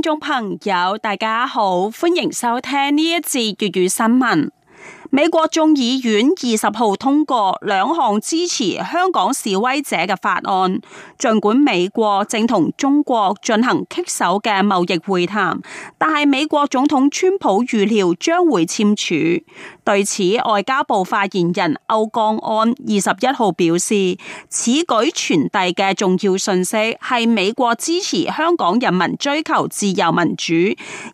聽眾朋友，大家好，歡迎收聽呢一節粵語新聞。美國眾議院二十號通過兩項支持香港示威者嘅法案。儘管美國正同中國進行棘手嘅貿易會談，但係美國總統川普預料將會簽署。對此，外交部發言人歐江安二十一號表示，此舉傳遞嘅重要信息係美國支持香港人民追求自由民主，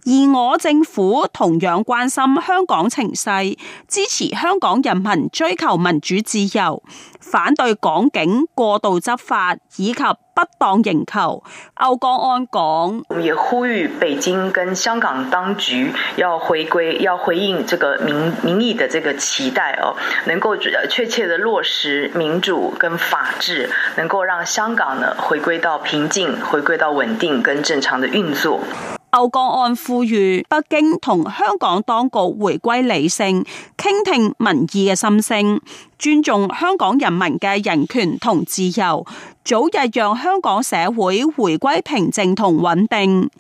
而我政府同樣關心香港情勢，支持香港人民追求民主自由，反對港警過度執法，以及。不當刑求。歐江安講，我們也呼籲北京跟香港當局要回歸，要回應這個民民意的這個期待哦，能夠確切地落實民主跟法治，能夠讓香港呢回歸到平靜，回歸到穩定跟正常的運作。歐江安呼籲北京同香港當局回歸理性，傾聽民意嘅心聲，尊重香港人民嘅人權同自由，早日讓香港社會回歸平靜同穩定。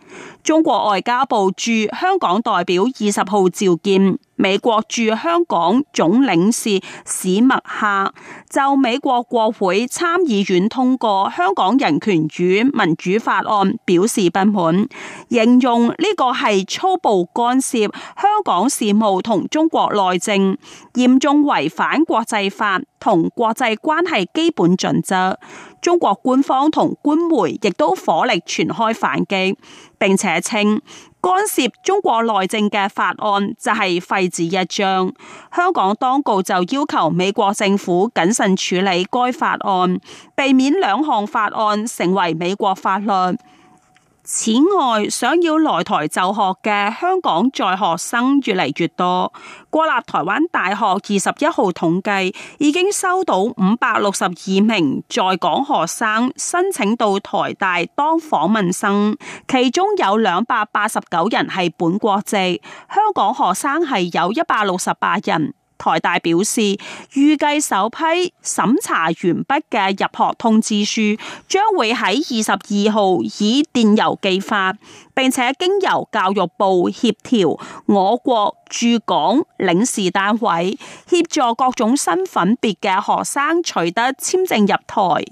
中國外交部駐香港代表二十號召見美國駐香港總領事史密克，就美國國會參議院通過香港人權與民主法案表示不滿，形容呢個係粗暴干涉香港事務同中國內政，嚴重違反國際法同國際關係基本準則，中國官方同官媒亦都火力全開反擊，並且稱干涉中國內政嘅法案就係廢紙一張。香港當局就要求美國政府謹慎處理該法案，避免兩項法案成為美國法律。此外，想要來台就學嘅香港在學生越嚟越多。國立台灣大學二十一號統計，已經收到五百六十二名在港學生申請到台大當訪問生，其中有兩百八十九人係本國籍，香港學生係有一百六十八人。台大表示，預計首批審查完畢嘅入學通知書將會喺二十二號以電郵寄發，並且經由教育部協調我國駐港領事單位，協助各種身份別嘅學生取得簽證入台。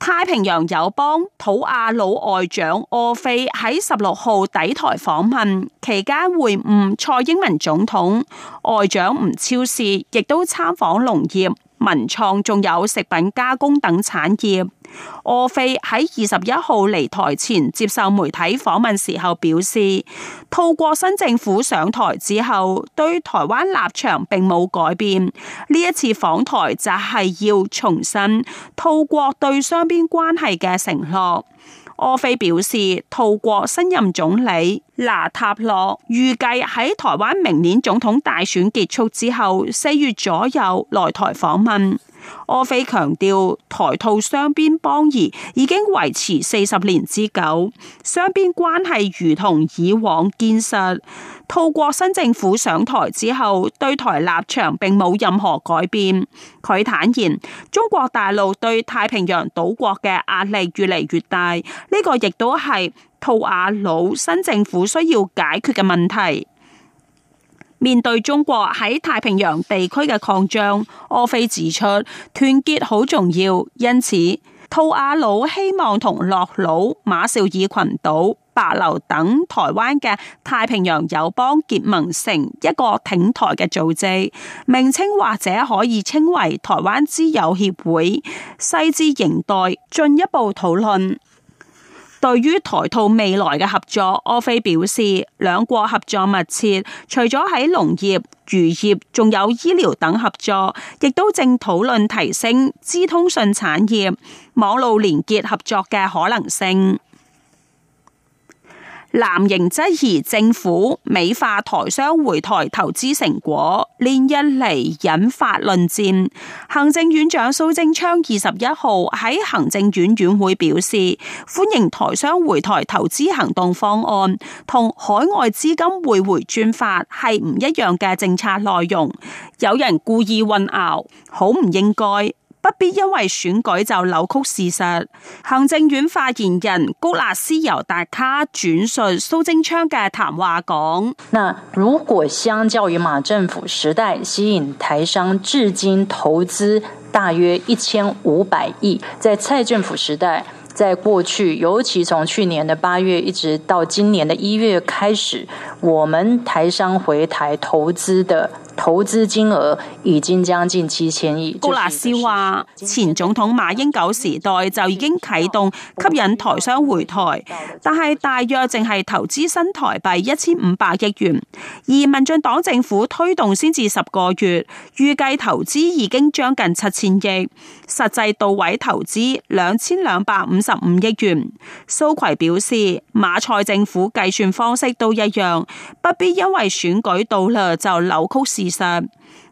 太平洋友邦吐瓦魯外長阿菲喺十六號抵台訪問，期間會晤蔡英文總統，外長吳超士亦都參訪農業、文創，仲有食品加工等產業。柯菲喺二十一號離台前接受媒體訪問時候表示，吐瓦魯新政府上台之後，對台灣立場並冇改變。呢一次訪台就係要重申吐瓦魯對雙邊關係嘅承諾。柯菲表示，吐瓦魯新任總理納塔諾預計喺台灣明年總統大選結束之後四月左右來台訪問。柯菲強調，台吐雙邊邦誼已經維持四十年之久，雙邊關係如同以往堅實。吐國新政府上台之後，對台立場並冇任何改變。佢坦言，中國大陸對太平洋島國嘅壓力越嚟越大，呢、這個亦都係吐瓦魯新政府需要解決嘅問題。面對中國喺太平洋地區嘅擴張，阿飛指出團結好重要，因此，吐瓦魯希望同諾魯、馬紹爾群島、帛琉等台灣嘅太平洋友邦結盟，成一個挺台嘅組織，名稱或者可以稱為台灣之友協會。細節仍待進一步討論。對於台泰未來嘅合作，柯飛表示兩國合作密切，除咗喺農業、漁業，仲有醫療等合作，亦都正討論提升資通訊產業網路連結合作嘅可能性。藍營質疑政府美化台商回台投資成果，連日嚟引發論戰。行政院長蘇貞昌二十一號喺行政院院會表示，歡迎台商回台投資行動方案同海外資金匯回專法係唔一樣嘅政策內容，有人故意混淆，好唔應該。不必因為選舉就扭曲事實。行政院發言人谷辣斯‧尤達卡轉述蘇貞昌嘅談話講：那如果相較於馬政府時代吸引台商至今投資大約一千五百億，在蔡政府時代，在過去，尤其從去年的八月一直到今年的一月開始，我們台商回台投資的。投資金額已經將近七千億。高立斯話：前總統馬英九時代就已經啟動吸引台商回台，但係大約淨係投資新台幣一千五百億元。而民進黨政府推動先至十個月，預計投資已經將近七千億，實際到位投資兩千兩百五十五億元。蘇揆表示。馬蔡政府計算方式都一樣，不必因為選舉到啦就扭曲事實。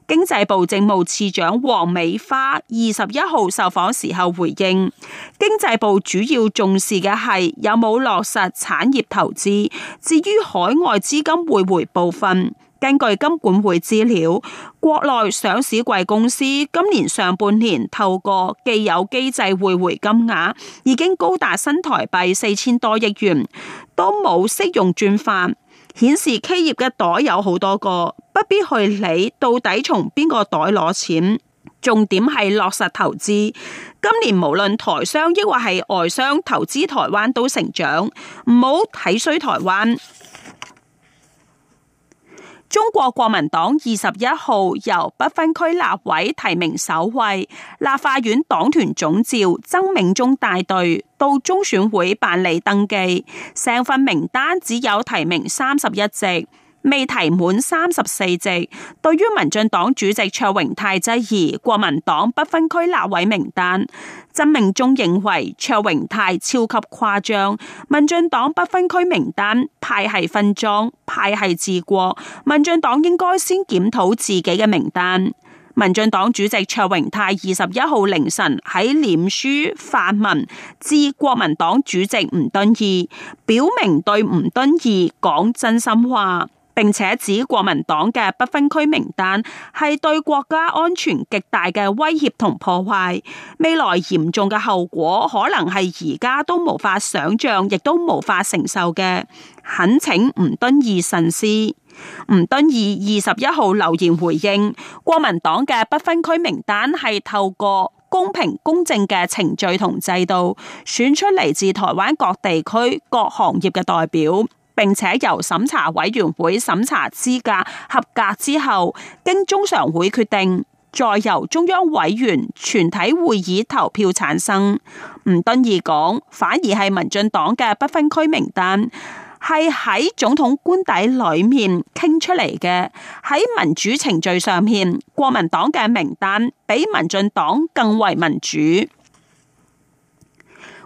經濟部政務次長黃美花二十一號受訪時候回應，經濟部主要重視嘅係有冇落實產業投資，至於海外資金匯回回部分。根據金管會資料，國內上市櫃公司今年上半年透過既有機制匯回金額已經高達新台幣四千多億元，都冇適用轉化，顯示企業嘅袋有好多個，不必去理到底從邊個袋攞錢。重點係落實投資，今年無論台商抑或係外商投資台灣都成長，唔好睇衰台灣。中國國民黨二十一號由不分區立委提名首位，立法院黨團總召曾銘宗帶隊到中選會辦理登記，整份名單只有提名三十一席。未提滿三十四席。對於民進黨主席卓榮泰質疑國民黨不分區立委名單，曾明忠認為卓榮泰超級誇張。民進黨不分區名單派系分贓、派系治國，民進黨應該先檢討自己嘅名單。民進黨主席卓榮泰二十一號凌晨喺臉書發文，致國民黨主席吳敦義，表明對吳敦義講真心話。並且指國民黨嘅不分區名單係對國家安全極大嘅威脅同破壞，未來嚴重嘅後果可能係而家都無法想象，亦都無法承受嘅。懇請吳敦義慎思。吳敦義二十一號留言回應：國民黨嘅不分區名單係透過公平公正嘅程序同制度選出嚟，自台灣各地區各行業嘅代表。並且由審查委員會審查資格合格之後，經中常會決定，再由中央委員全體會議投票產生。吳敦義講，反而係民進黨嘅不分區名單，係喺總統官邸裏面傾出嚟嘅，喺民主程序上面，國民黨嘅名單比民進黨更為民主。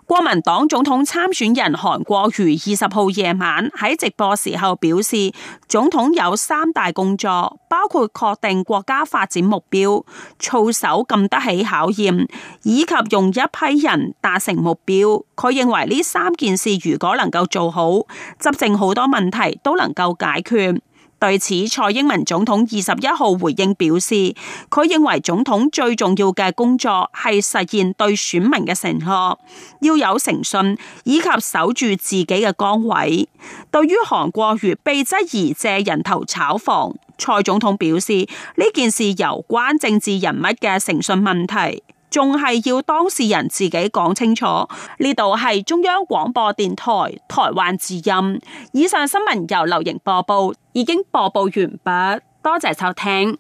國民黨總統參選人韓國瑜二十號夜晚喺直播時候表示，總統有三大工作，包括確定國家發展目標、操守禁得起考驗，以及用一批人達成目標。佢認為呢三件事如果能夠做好，執政好多問題都能夠解決。對此，蔡英文總統二十一號回應表示，佢認為總統最重要嘅工作係實現對選民嘅承諾，要有誠信以及守住自己嘅崗位。對於韓國瑜被質疑借人頭炒房，蔡總統表示呢件事有關政治人物嘅誠信問題。仲係要當事人自己講清楚，呢度係中央廣播電台台灣之音。以上新聞由劉瑩播報，已經播報完畢，多謝收聽。